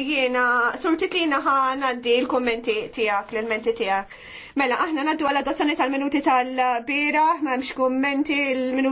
jiena surtik li naħa naddi l-kommenti tijak, l-menti tijak. Mela, aħna naddu għal dozzani tal-minuti tal-bira, ma' mx kommenti l-minuti